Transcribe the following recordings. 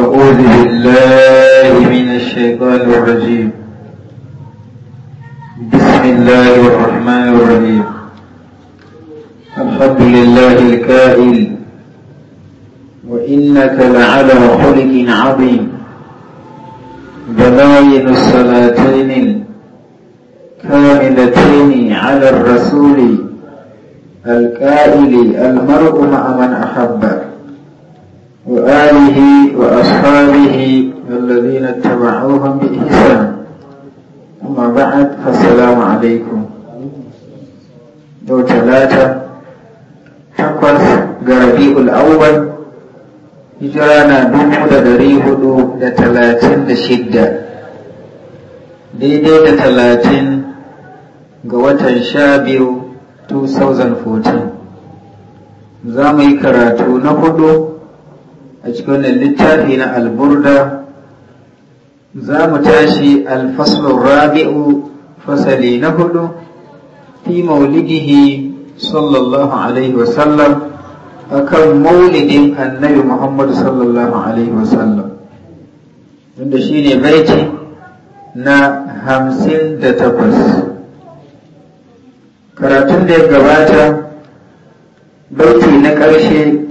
أعوذ بالله من الشيطان الرجيم بسم الله الرحمن الرحيم الحمد لله الكائل وإنك لعلى خلق عظيم بلاين الصلاتين كاملتين على الرسول الكائل المرء مع من أحبك وآله وأصحابه الذين اتبعوهم بإحسان أما بعد فالسلام عليكم دو ثلاثة takwas ga rabi'ul awwal hijira na dubu da dari hudu da talatin da shidda daidai da talatin ga watan sha biyu 2014 za mu yi karatu na huɗu? a cikin wannan littafi na alburda za mu tashi alfaslun rabi'u fasali na hudu fi maulidihi sallallahu alaihi wasallam akan maulidin annabi muhammadu sallallahu alaihi wasallam wanda shi ne baiti na hamsin da takwas karatun da ya gabata bauti na ƙarshe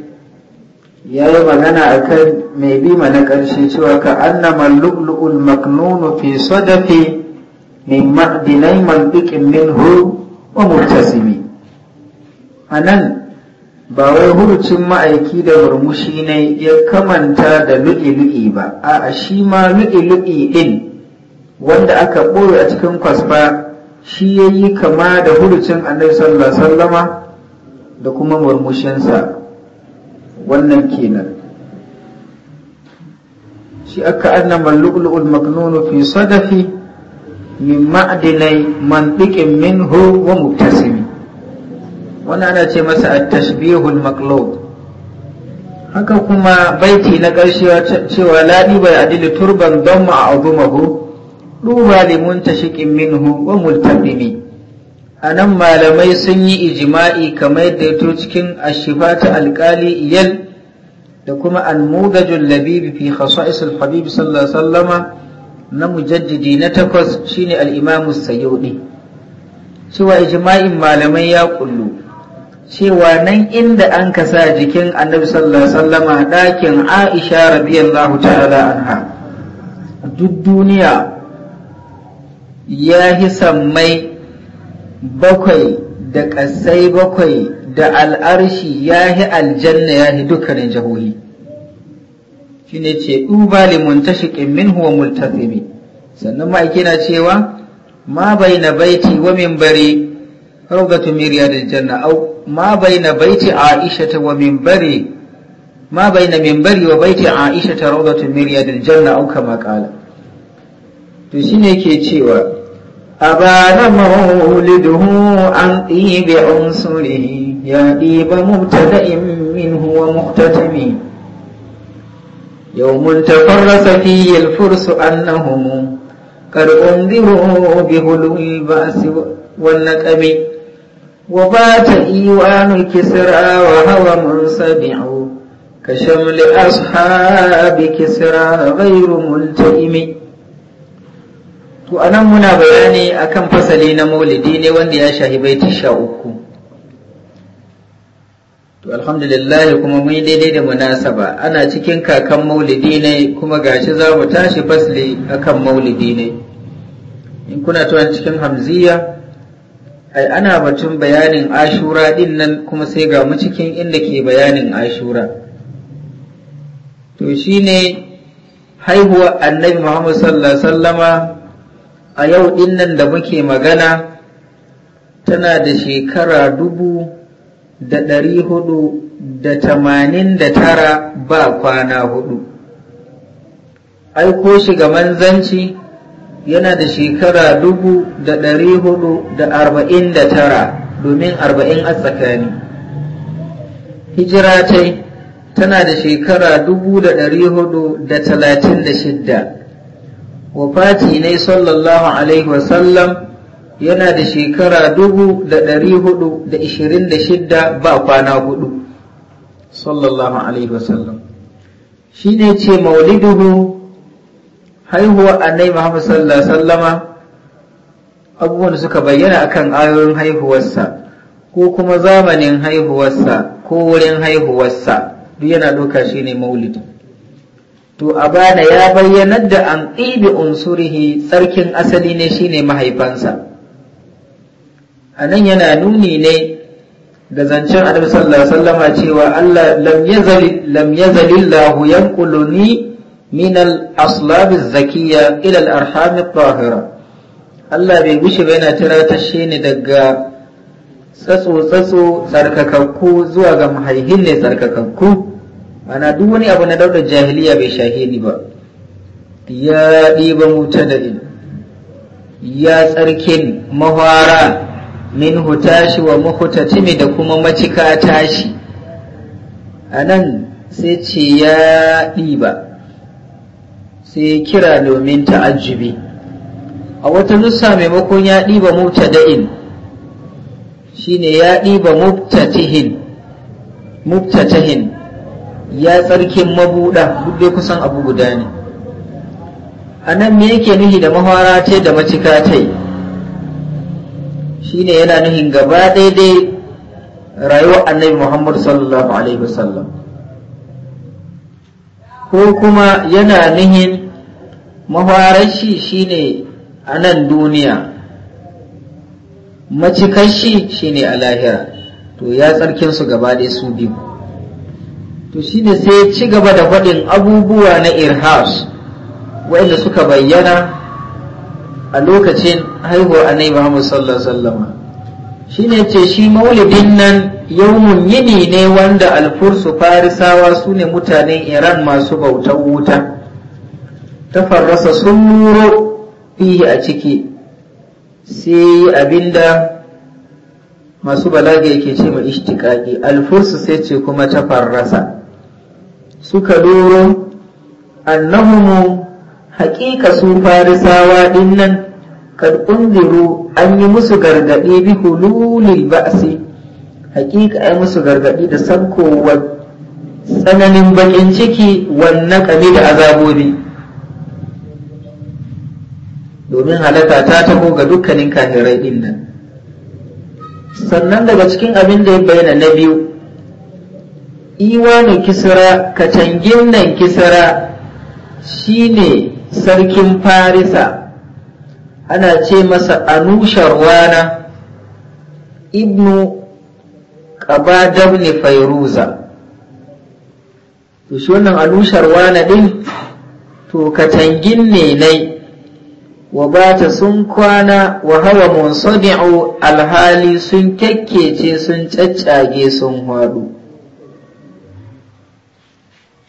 ya yi magana a kan mai bima na ƙarshe cewa ka annama lu'lu'ul maknunu fi sadafi min ma'dinai mantiƙin minhu wa murtasimi a nan ba wai hurucin ma'aiki da murmushi ne ya kamanta da lu'i-lu'i ba a shi ma lu'i-lu'i ɗin wanda aka ɓoye a cikin kwasfa shi ya yi kama da hurucin annabi sallallahu sallama da kuma murmushinsa wannan kenan shi aka annama lu'lu'ul maknunu fi sadafi min ma'adinai mantiqin minhu wa muktasimi wannan ana ce masa at-tashbihul maqlub haka kuma baiti na ƙarshe cewa ladi bai adili turban don ma'azumahu duba limun tashiqin minhu wa multabimi a malamai sun yi ijima'i kamar yadda ya cikin ashifatu alƙali iyal da kuma almudajul labibi fi khasa'is al sallallahu alaihi na mujaddidi na takwas shine al'imamu sayyudi cewa ijma'in malamai ya kullu cewa nan inda an kasa jikin annabi sallallahu alaihi wasallama dakin Aisha radiyallahu ta'ala anha duk duniya ya sammai bakwai da ƙasai bakwai da al'arshi ya yi aljanna ya yi dukkanin jahohi shi ne ce ɗuba limun tashiƙin min huwa multazimi sannan ma ake na cewa ma bai na baiti wa min bari rawdatu miriya da janna au ma bai na baiti aisha ta wa min bari ma bai na min bari wa baiti aisha ta rawdatu miriya da janna au kama kala to shi ne ke cewa أبان مولده عن طيب عنصره يا طيب مبتدأ منه ومختتم يوم تفرس فيه الفرس أنهم قد أنذروا بهلو البأس والنكب وبات إيوان الكسرى وهوى منصبع كشمل أصحاب كسرى غير ملتئم to anan muna bayani akan fasali na maulidi ne wanda ya shahi baiti sha uku to alhamdulillah kuma mun yi daidai da munasaba ana cikin kakan maulidi ne kuma gashi za mu tashi fasli akan maulidi ne in kuna tuwa cikin hamziya ai ana batun bayanin ashura din nan kuma sai ga mu cikin inda ke bayanin ashura to shine haihuwa annabi muhammad sallallahu alaihi wasallama a yau dinnan da muke magana tana da shekara dubu da ɗari hudu da tamanin da tara ba kwana hudu aiko shi ga manzanci yana da shekara dubu da ɗari hudu da arba'in da tara domin arba'in a tsakani hijira tana da shekara dubu da ɗari hudu da talatin da shidda wafati ne sallallahu alaihi wasallam yana da shekara dubu da ɗari hudu da ishirin da shidda ba kwana hudu sallallahu alaihi wasallam shi ne ce mauliduhu haihuwa annai muhammad sallallahu alaihi sallama, abubuwan suka bayyana akan ayoyin haihuwarsa ko kuma zamanin haihuwarsa ko wurin haihuwarsa duk yana doka shi ne maulidu to a bana ya bayyanar da an ɗibi unsurihi tsarkin asali ne shine mahaifansa a nan yana nuni ne da zancen annabi sallallahu alaihi cewa Allah lam yazali lam yazali Allah yanquluni min al-aslab az-zakiyya ila Allah bai gushe ba yana ta shi ne daga tsatso tsatso tsarkakakku zuwa ga mahaihin ne tsarkakakku ana duk wani abu na daular jahiliya bai shahe ni ba ya ɗiba muta da ni ya tsarki mahwara min hutashi wa timi da kuma macika tashi a nan sai ce ya ɗiba sai kira domin ta'ajjubi a wata nusa maimakon ya ɗiba muta da'in shine ya ɗiba muftatihin muftatahin ya tsarki mabuɗa duk dai kusan abu guda ne a nan me yake nuhi da mahwara ce da macika ce shine yana nuhin gaba daidai rayuwar annabi muhammad sallallahu alaihi wasallam ko kuma yana nuhin mahwarar shi shine a nan duniya macikar shi shine a lahira to ya tsarkin su gaba ɗaya su biyu to shine sai ci gaba da faɗin abubuwa na irhas wa'inda suka bayyana a lokacin haihuwar annabi Muhammad sallallahu alaihi Shi shine ce shi maulidin nan yawmun yini ne wanda alfursu farisawa su ne mutanen iran masu bautar wuta tafarrasa sun nuro fihi a ciki sai abinda masu balaga yake ce ma ishtiƙaƙi alfursu sai ce kuma ta farrasa suka doro annahumu haƙiƙa su farisawa dinnan kad unziru an yi musu gargaɗi bi hululil ba'si haƙiƙa yi musu gargaɗi da sankowar tsananin baƙin ciki wannan ƙami da azabobi domin halaka ta taho ga dukkanin kafirai dinnan sannan daga cikin abin da ya bayyana na biyu iwanu kisra katangin nan kisra shine sarkin farisa ana ce masa anusharwana ibnu ibn fairuza to shi wannan anusharwana din to katangin ne nai wa sun kwana wa hawa al alhali sun kyakkece sun caccage sun haɗu.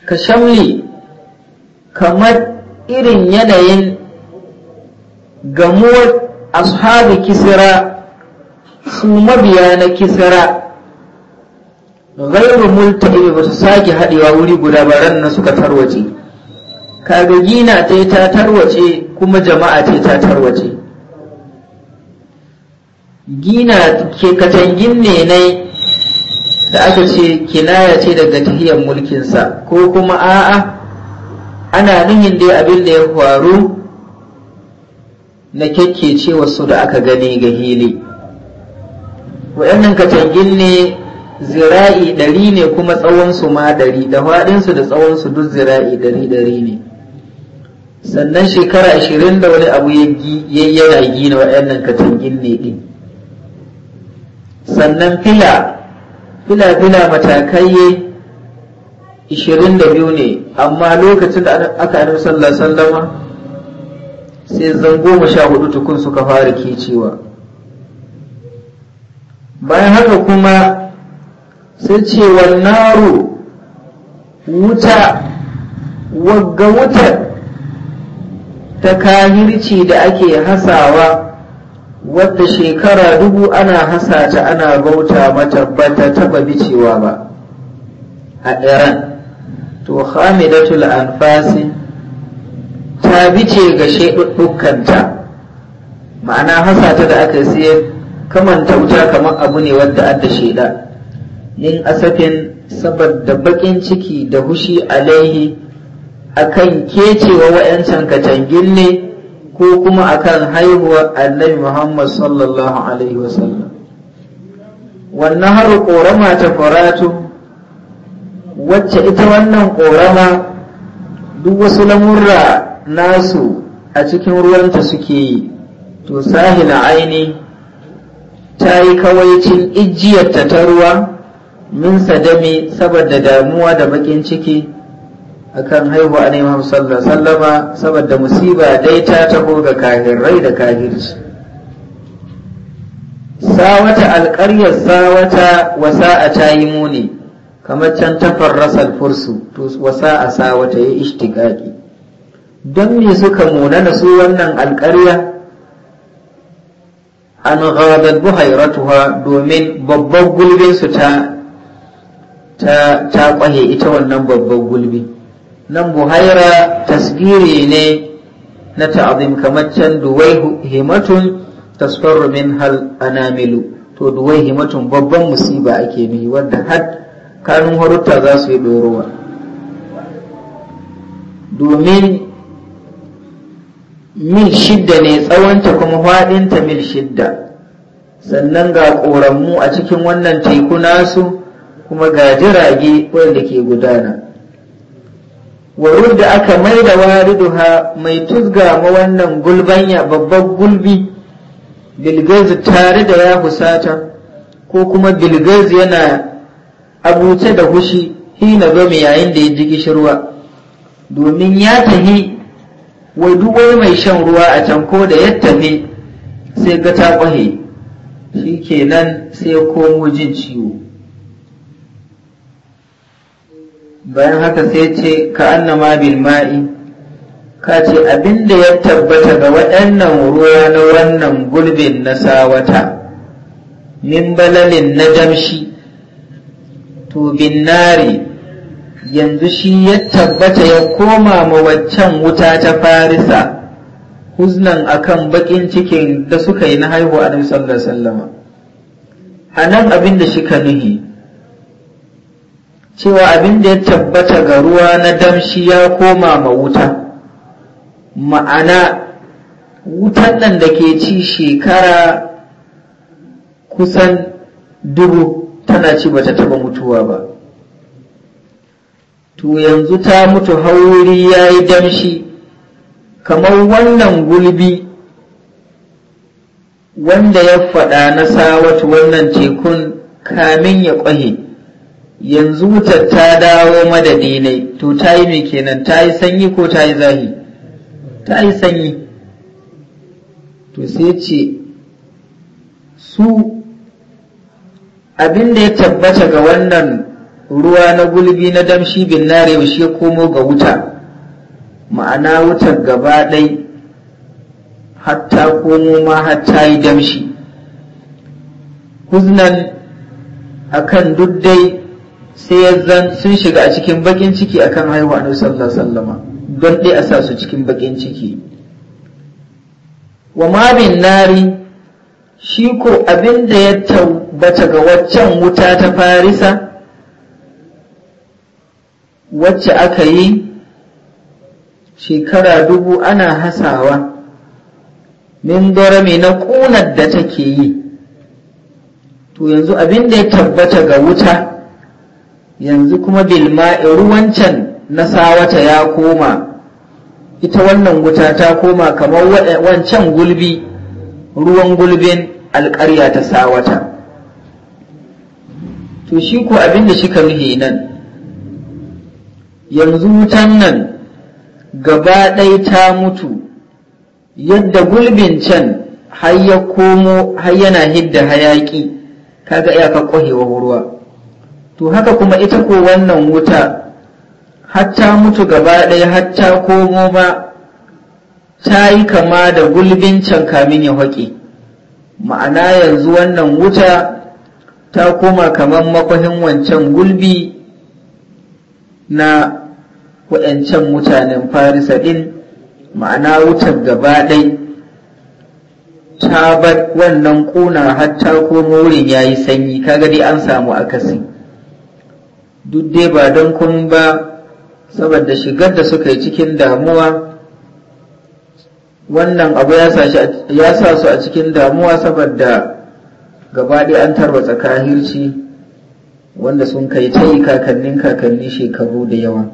ka shamli kamar irin yanayin gamuwar ashabi kisira su mabiya na kisira gairu multa ba su sake haɗewa wuri guda baran na suka tarwace kaga gina ta ta tarwace kuma jama'a ce ta tarwace gina ke katangin ne na da aka ce kinaya ce daga tahiyar mulkinsa ko kuma a'a ana nuhin dai abin da ya faru na kyakkece wasu da aka gani ga hili waɗannan katangin ne zira'i ɗari ne kuma tsawonsu ma ɗari da faɗinsu da tsawonsu duk zira'i ɗari ɗari ne sannan shekara ashirin da wani abu ya yana gina waɗannan katangin ne ɗin sannan fila fila-fila matakai ishirin da biyu ne amma lokacin da aka yi sallar sallama sai zan goma sha hudu tukun suka fara kecewa bayan haka kuma sai ce naro wuta wagga wutar ta kahirci da ake hasawa wadda shekara dubu ana hasata ana bauta mata ba ta taba bicewa ba a iran to hamidatul anfasi ta bice ga shaidukkanta ma'ana hasata da aka siye kaman tauta kamar abu ne wadda adda shaida yin asafin saboda bakin ciki da hushi alaihi akan kecewa wa'yancan katangin ne ko kuma akan haihuwar annabi Muhammad sallallahu alaihi wasallam wannan har ƙorama ta faratu wacce ita wannan ƙorama duk wasu lamurra nasu a cikin ruwanta suke yi to sahila aini ta yi kawaicin ijiyarta ta ruwa min sadami saboda damuwa da bakin ciki akan haihuwa a neman sallar sallama saboda musiba dai ta taho ga kahirrai da kahirci sawata alƙaryar sawata wasa a yi muni kamar can tafarrasa alfursu to wasa a sawata ya ishtiqaqi don me suka muna munana su wannan alƙarya an ghadat ratuwa domin babban gulbinsu ta ta kwahe ita wannan babban gulbi nan buhaira tasgiri ne na ta'azim kamar can duwai himatun tasfarru min hal anamilu to duwai himatun babban musiba ake nuhi wanda har kanun harutta za su yi ɗorowa domin mil shidda ne tsawonta kuma faɗinta mil shidda sannan ga ƙoranmu a cikin wannan teku nasu kuma ga jirage wanda ke gudana wa da aka mai da wariduha mai tuzga ma wannan gulbanya babban gulbi bilgazi tare da ya husata ko kuma bilgazi yana abuce da hushi hina gami yayin da ya ji gishirwa domin ya tahi wai duk wani mai shan ruwa a can ko da ya tafi sai ga ta kwahe shi kenan sai ya komo jin ciwo bayan haka sai ce ka annama bil ma'i ka ce abinda ya tabbata ga waɗannan ruwa na wannan gulbin na sawata min balalin na jamshi to bin yanzu shi ya tabbata ya koma ma waccan wuta ta farisa huznan akan baƙin cikin da suka yi na haihuwa a sallallahu a nan abin shi ka nuhi cewa abin da ya tabbata ga ruwa na damshi ya koma ma wuta ma'ana wutan nan da ke ci shekara kusan dubu tana ci bata taba mutuwa ba to yanzu ta mutu hauri ya yi damshi kamar wannan gulbi wanda ya faɗa na sawatu wannan tekun kamin ya ƙwahe yanzu wutar ta dawo madadi ne to ta yi mai kenan ta yi sanyi ko ta yi zahi ta yi sanyi to sai ce su Abinda ya tabbata ga wannan ruwa na gulbi na damshi bin nare shi ya komo ga wuta ma'ana wutar gaba ɗai hatta komo ma hatta yi damshi huznan akan duk dai sai zan sun shiga a cikin bakin ciki akan haihuwa na sallallahu sallama don dai a sa su cikin bakin ciki wa ma bin nari shi ko abin da ya tabbata ga waccan wuta ta farisa wacce aka yi shekara dubu ana hasawa min dorami na ƙunar da take yi to yanzu abin da ya tabbata ga wuta yanzu kuma bilma'i ruwan can na sawata ya koma ita wannan wuta ta koma kamar wancan gulbi ruwan gulbin alƙarya ta sawata to shi ko abin da shi ka nuhi nan yanzu wutan nan gaba ɗai ta mutu yadda gulbin can har ya komo har yana hidda hayaƙi kaga iyakar ƙwahewa ruwa to haka kuma ita ko wannan wuta hatta mutu gaba ɗaya hatta komo ma ta yi kama da gulbin can kamin ya haƙe ma'ana yanzu wannan wuta ta koma kamar makwahin wancan gulbi na waɗancan mutanen farisa ɗin ma'ana wutar gaba ɗai ta bar wannan ƙuna hatta komo wurin ya yi sanyi kaga dai an samu akasi. duk dai ba don kun ba saboda shigar da suka yi cikin damuwa wannan abu ya sa su a cikin damuwa saboda gabaɗe an tarwatsa kahirci wanda sun kai ta yi kakannin kakanni shekaru da yawa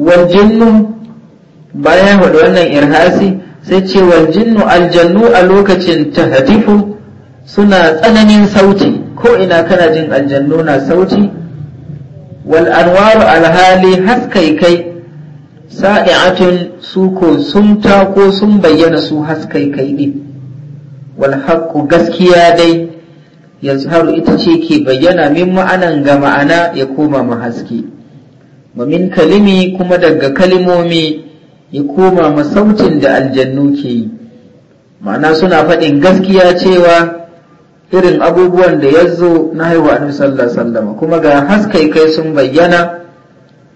waljinnu bayan wadda wannan irhasi sai ce waljinnu aljannu a lokacin tahatifu suna tsananin sauti ko ina kana jin aljannu na sauti wal anwaru alhali haskai kai sa'i'atun su ko sun tako sun bayyana su haskai kai din wal haqqu gaskiya dai har ita ce ke bayyana min ma'anan ga ma'ana ya koma ma haske wa min kalimi kuma daga kalimomi ya koma ma sautin da aljannu ke yi ma'ana suna faɗin gaskiya cewa irin abubuwan da ya zo na haihuwa annabi sallallahu alaihi wasallam kuma ga haskai kai sun bayyana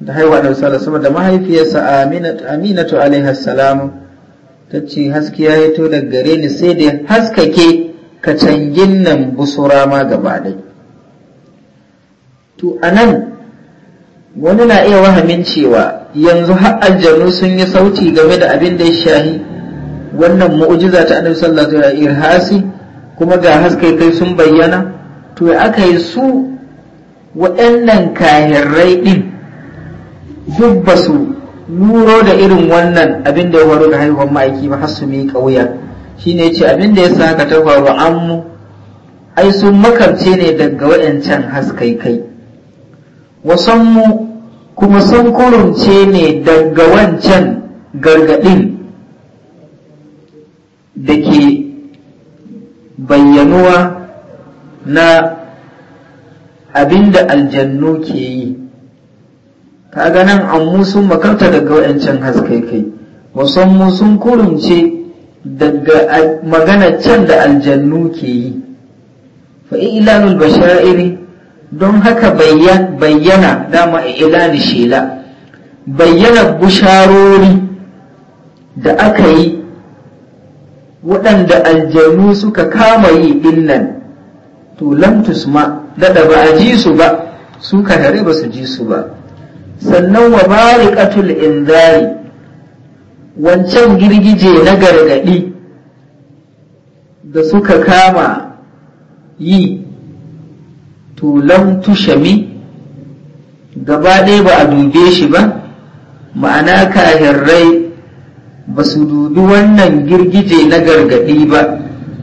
da haihuwa annabi sallallahu alaihi wasallam da mahaifiyarsa aminatu aminatu alaiha salam ta ce haske ya hito daga gare ni sai da haskake ka cangin nan busura ma gaba dai to anan wani na iya wahamin cewa yanzu har aljanu sun yi sauti game da abin da ya shahi wannan mu'ujiza ta annabi sallallahu alaihi wasallam irhasi kuma ga haske kai sun bayyana to aka yi su waɗannan kahirrai ɗin duk ba su nuro da irin wannan abin da ya faru da haihuwar ma'aiki ba har su miƙa Shi ne ce abin da ya sa ka ta faru mu ai sun makarce ne daga waɗancan haskai kai wasan mu kuma sun kurumce ne daga wancan gargaɗin da ke bayyanuwa na abinda aljannu ke yi kaga nan ammu sun makarta daga wayancan haskai kai musamman sun kurunce daga magana can da aljannu ke yi fa ilalul bashairi don haka bayyana dama ilani shela bayyana busharori da aka yi waɗanda aljanu suka kama yi dinnan to lantus ma daɗa ba a ji su ba su kadare ba su ji su ba sannan wa in inzari wancan girgije na gargaɗi da suka kama yi to tushami gaba ɗaya ba a dube shi ba ma'ana kahirrai ba su dubi wannan girgije na gargaɗi ba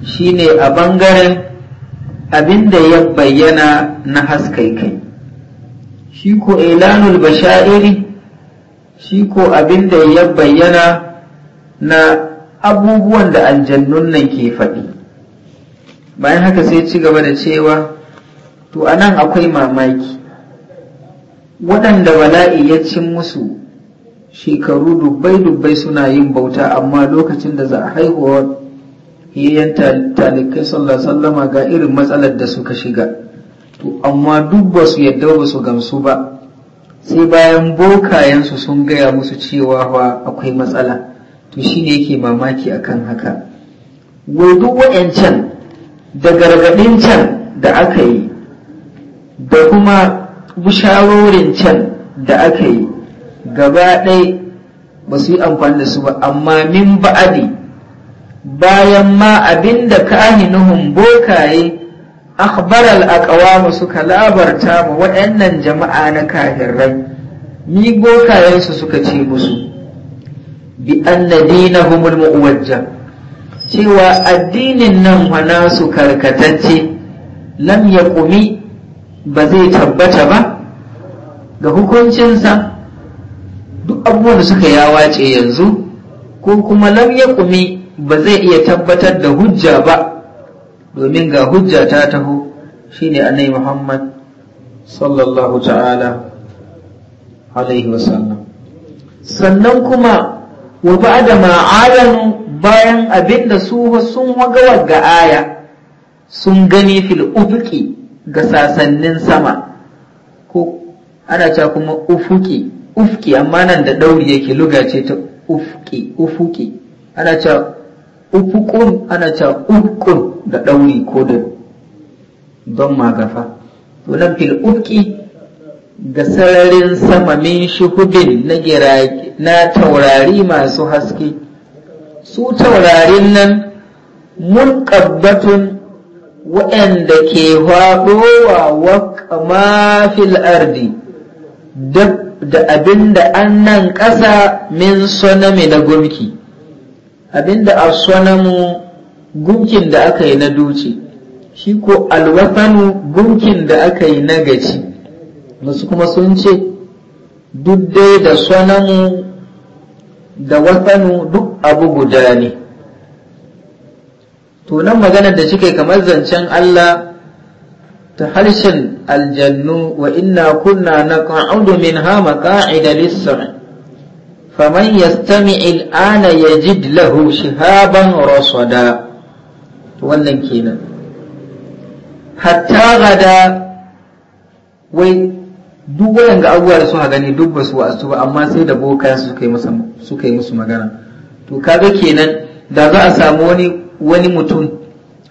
shine a ɓangaren abin da ya bayyana na kai shi ko ilanul bashairi shi ko abin da ya bayyana na abubuwan da aljannun nan ke faɗi bayan haka sai ci gaba da cewa to anan akwai mamaki waɗanda bala'i ya cin musu shekaru dubbai-dubbai suna yin bauta amma lokacin da za a haihuwar yayan talikai sallallahu sallama ga irin matsalar da suka shiga to amma duk ba su yadda ba su gamsu ba sai bayan bokayensu sun gaya musu cewa "wa akwai matsala to shi ne yake mamaki akan haka wai duk wa'yancan da gargaɗin can da aka yi da kuma bisharorin can da aka yi gaba ɗai ba su yi amfani da su ba amma min ba'adi bayan ma abinda kahinuhum bokaye akhbaral aqwamu suka labarta ma waɗannan jama'a na kafirai ni bokayensu suka ce musu bi anna dinahumul muwajja cewa addinin nan wa nasu karkatacce lam yaqumi ba zai tabbata ba ga hukuncinsa duk abubuwan da suka ya wace yanzu ko kuma lam ya kumi ba zai iya tabbatar da hujja ba domin ga hujja ta taho shine annabi Muhammad sallallahu ta'ala alaihi wasallam sannan kuma wa ba'da ma alanu bayan abinda su sun waga ga aya sun gani fil ufuki ga sasannin sama ko ana cewa kuma ufuki ufki amma nan da ɗauri yake luga ce ta ufki ufuki ana cewa ufukun ana cewa ufkun da ɗauri ko da don magafa to nan fil ufki ga sararin sama min shuhubin na na taurari masu haske su taurarin nan mun ƙabbatun waɗanda ke haɗowa wa fil ardi duk da abinda da an nan ƙasa min sonami na gumki abinda da a sonamu gumkin da aka yi na duci shi ko alwatanu gumkin da aka yi na gaci wasu kuma sun ce duk dai da sonamu da watanu duk abu guda ne to nan maganar da suke kamar zancen Allah harshen aljannu wa inna kunna na ƙa'udu min hama ƙa'ida lissar faman yastami il'ana ya jid lahu shihaban raswada wannan kenan hatta gada wai duk wayan ga abubuwa da suka gani duk ba su wa'astu ba amma sai da boka suka yi musu magana to kaga kenan da za a samu wani mutum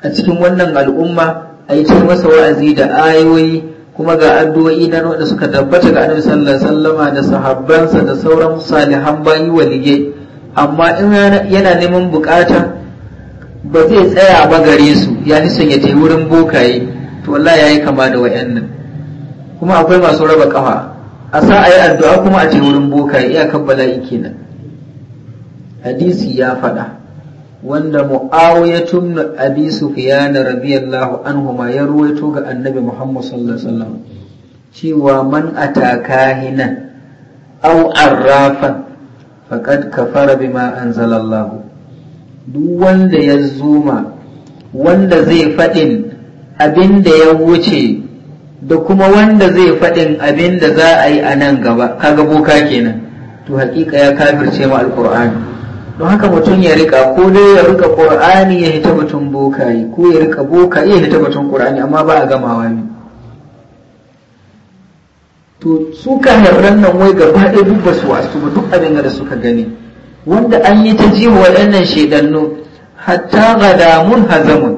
a cikin wannan al'umma a yi ce masa wa'azi da ayoyi kuma ga addu'o'i na wanda suka tabbata ga annabi sallallahu alaihi wasallama da sahabbansa da sauran salihan bayi waliyai amma in yana neman bukata ba zai tsaya ba gare su ya nisan ya tai wurin bokaye to wallahi yayi kama da wayannan kuma akwai masu raba kafa a sa ayi addu'a kuma a je wurin bokaye iyakar bala'i kenan hadisi ya faɗa wanda mu'awiya tun abi sufyan radiyallahu anhu ma ya ruwaito ga annabi muhammad sallallahu alaihi wasallam cewa man ataka hina aw arrafan faqad kafara bima anzalallahu duk wanda ya zuma wanda zai faɗin abin da ya wuce da kuma wanda zai faɗin abin da za a yi a nan gaba kaga boka kenan to haƙiƙa ya kafirce ma alƙur'ani don haka mutum ya rika ko dai ya rika qur'ani ya hita batun bokaye ko ya rika bokaye ya hita mutum qur'ani amma ba a gamawa ne to su ka haifar nan wai gaba ɗaya duk ba su wasu ba duk abin da suka gani wanda an yi ta jiwa waɗannan shaidannu hatta gadamun hazamun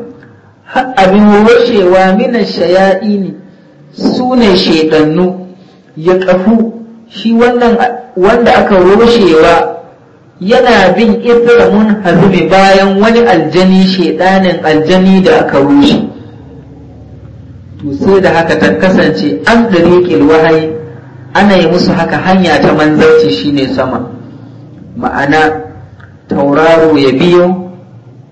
abin washewa minan shaya'i ne su ne shaidannu ya ƙafu shi wannan wanda aka roshewa yana bin mun hazumi bayan wani aljani shedanin aljani da aka rushe to sai da haka ta kasance an dariƙil wahayi ana yi musu haka hanya ta manzarci shine sama ma'ana tauraro ya biyo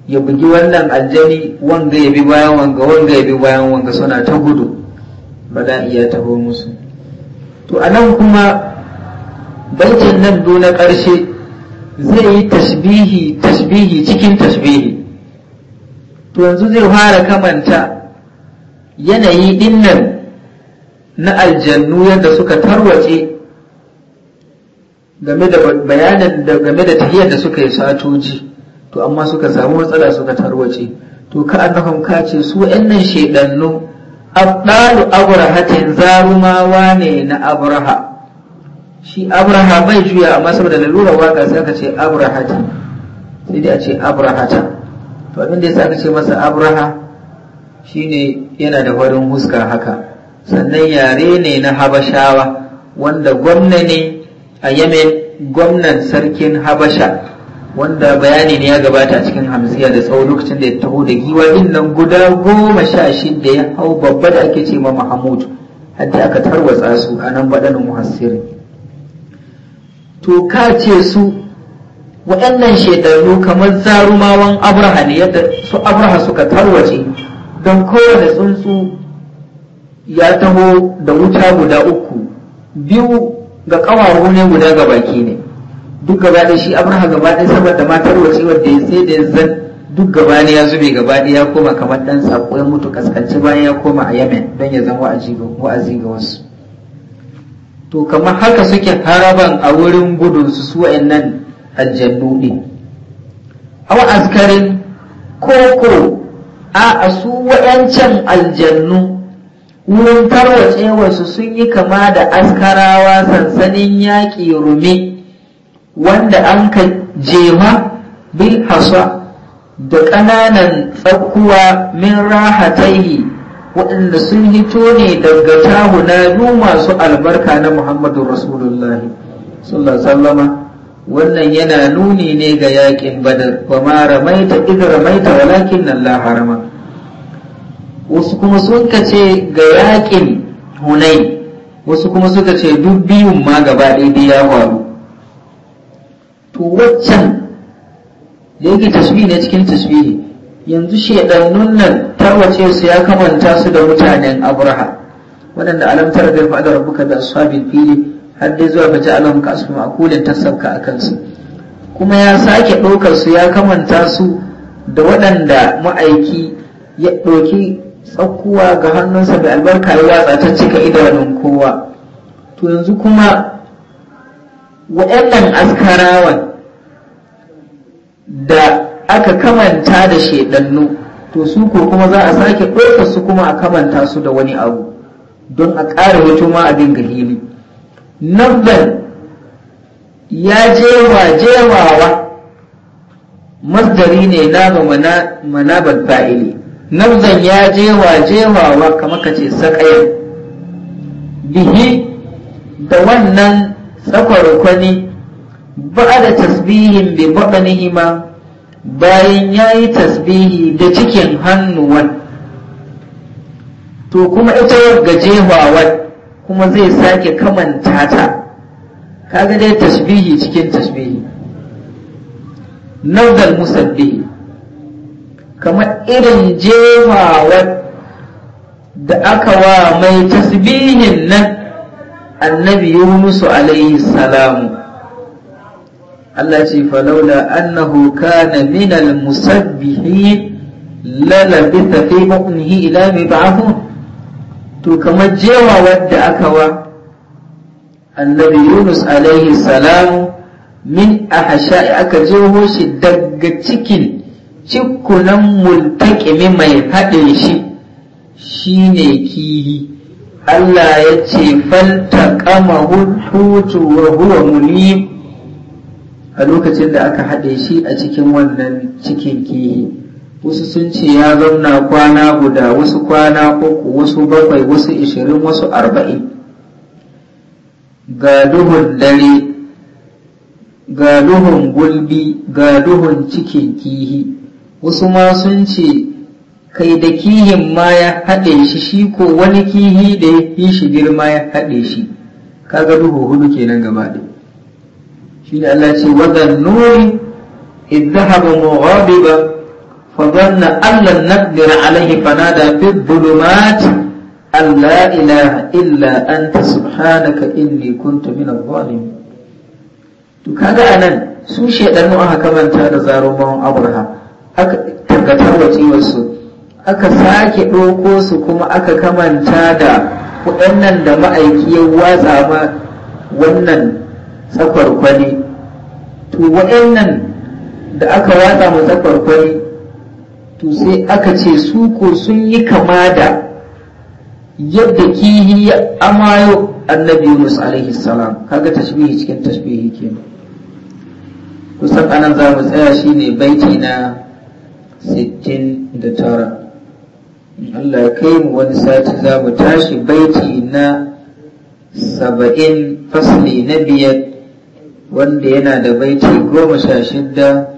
ya bugi wannan aljani wanga ya bi bayan wanga wanga ya bi bayan wanga suna ta gudu ba za iya taho musu to a nan kuma baitin nan do na ƙarshe zai yi tasbihi tasbihi cikin tasbihi to yanzu zai fara kamanta yanayi dinnan na aljannu yadda suka tarwace game da bayanin da game da tahiyar da suka yi satoji to amma suka samu matsala suka tarwace to ka annahum ka ce su nan shedannu abdalu abrahatin zarumawa ne na abraha shi abraha bai juya amma saboda lalurar waka sai aka ce abrahata sai dai a ce abrahata to abin da ya aka ce masa abraha shine yana da farin huska haka sannan yare ne na habashawa wanda gwamna ne a yame gwamnan sarkin habasha wanda bayani ne ya gabata a cikin hamsiya da tsawon lokacin da ya taho da giwa din nan guda goma sha shida ya hau babba da ake ce ma mahamud hadda aka tarwatsa su a nan baɗanin muhassirin to ce su waɗannan shaidannu kamar zarumawan abraha ne yadda su abraha suka tarwace don kowane tsuntsu ya taho da wuta guda uku biyu ga ƙawawo ne guda ga baki ne duk gaba da shi abraha gaba ɗaya saboda matar wace wadda ya sai da ya zan duk gaba ne ya zube gaba ɗaya ya koma kamar ɗan sako ya mutu kaskanci bayan ya koma a yamen don ya zama wa'azi ga wasu to kamar haka suke haraban a wurin gudun su wa'annan aljannu ɗin aw azkarin koko a su wa'ancan aljannu wurin tarwacewarsu sun yi kama da askarawa sansanin yaƙi rume wanda an ka jema bil hasa da ƙananan tsakkuwa min rahataihi waɗanda sun hito ne daga biyu masu albarka na Muhammadu Rasulullahi sallallahu wannan yana nuni ne ga yaƙin badar ba ma ramaita id ramaita walakin nan harama wasu kuma sun ce ga yaƙin hunai wasu kuma suka ce duk biyun ma gaba ɗaya ya faru to waccan da yake tasbihi ne cikin tasbihi yanzu shaidannun nan tarwace su ya kamanta su da mutanen abraha waɗanda alamtar da fa'adar rabbuka da sabin fili har dai zuwa baje alam ka asma akulin tasabka a kansu kuma ya sake ɗaukar su ya kamanta su da waɗanda ma'aiki ya ɗauki tsakkuwa ga hannunsa da albarka ya watsa ta cika idanun kowa to yanzu kuma waɗannan askarawan da aka kamanta da shedannu to su ko kuma za a sake ɗauka su kuma a kamanta su da wani abu don a ƙara wato ma abin dinga hili ya jewa jewawa masdari ne na ga manabar fa'ili nabzan ya jewa jewawa kamar ka ce saƙayar bihi da wannan tsakwarkwani ba da tasbihin bai bi ni'ima bayan ya yi tasbihi da cikin hannuwan to kuma ita gajehawar kuma zai sake kamanta ta kaga dai tasbihi cikin tasbihi nazar musabbihi kamar irin jefawar da aka wa mai tasbihin nan annabi yunusu alaihi salamu Allah ce falaula annahu kana min al-musabbihin lalabita fi mu'nihi ila mib'athun to kamar jewa wadda aka wa annabi Yunus alaihi salam min ahsha'i aka jeho shi daga cikin cikunan multaqimi mai haɗe shi shine kihi Allah ya ce faltaqamahu hutu wa huwa mulim a lokacin da aka haɗe shi a cikin wannan cikin kihi wasu sun ce ya zauna kwana guda wasu kwana uku wasu bakwai wasu ishirin wasu arba'in ga duhun dare ga duhun gulbi ga duhun cikin kihi wasu ma sun ce kai da kihin ma ya haɗe shi shi ko wani kihi da ya fi shi girma ya haɗe shi kaga duhu hudu kenan gaba ɗaya shi ne Allah ce wadan nuri idhahabu mughadiba fa dhanna allan naqdir alayhi fanada fi dhulumat an la ilaha illa anta subhanaka inni kuntu min adh dhalim to kaga anan su shedanu aka kamanta da zaruman abraha aka tangatar waciwar su aka sake ɗauko su kuma aka kamanta da waɗannan da ma'aiki ya watsa ma wannan kwali, to waɗannan da aka watsa ma kwali, to sai aka ce su ko sun yi kama da yadda kihi ya amayo annabi Yunus alaihi salam kaga tashbihi cikin tashbihi kenan kusan anan za mu tsaya shine baiti na 69 Allah ya kai mu wani sati za mu tashi baiti na 70 fasli na biyar wanda yana da baiti goma sha shidda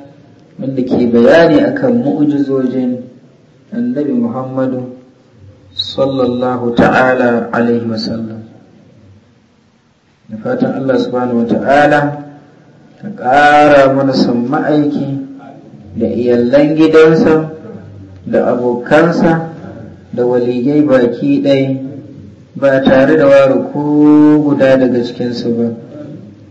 wanda ke bayani akan mu'jizojin annabi muhammadu sallallahu ta'ala alaihi wasallam da fatan allah subhanahu wa ta'ala ta ƙara mana son ma'aiki da iyalan gidansa da abokansa da waligai baki ɗaya ba tare da ware ko guda daga cikinsu ba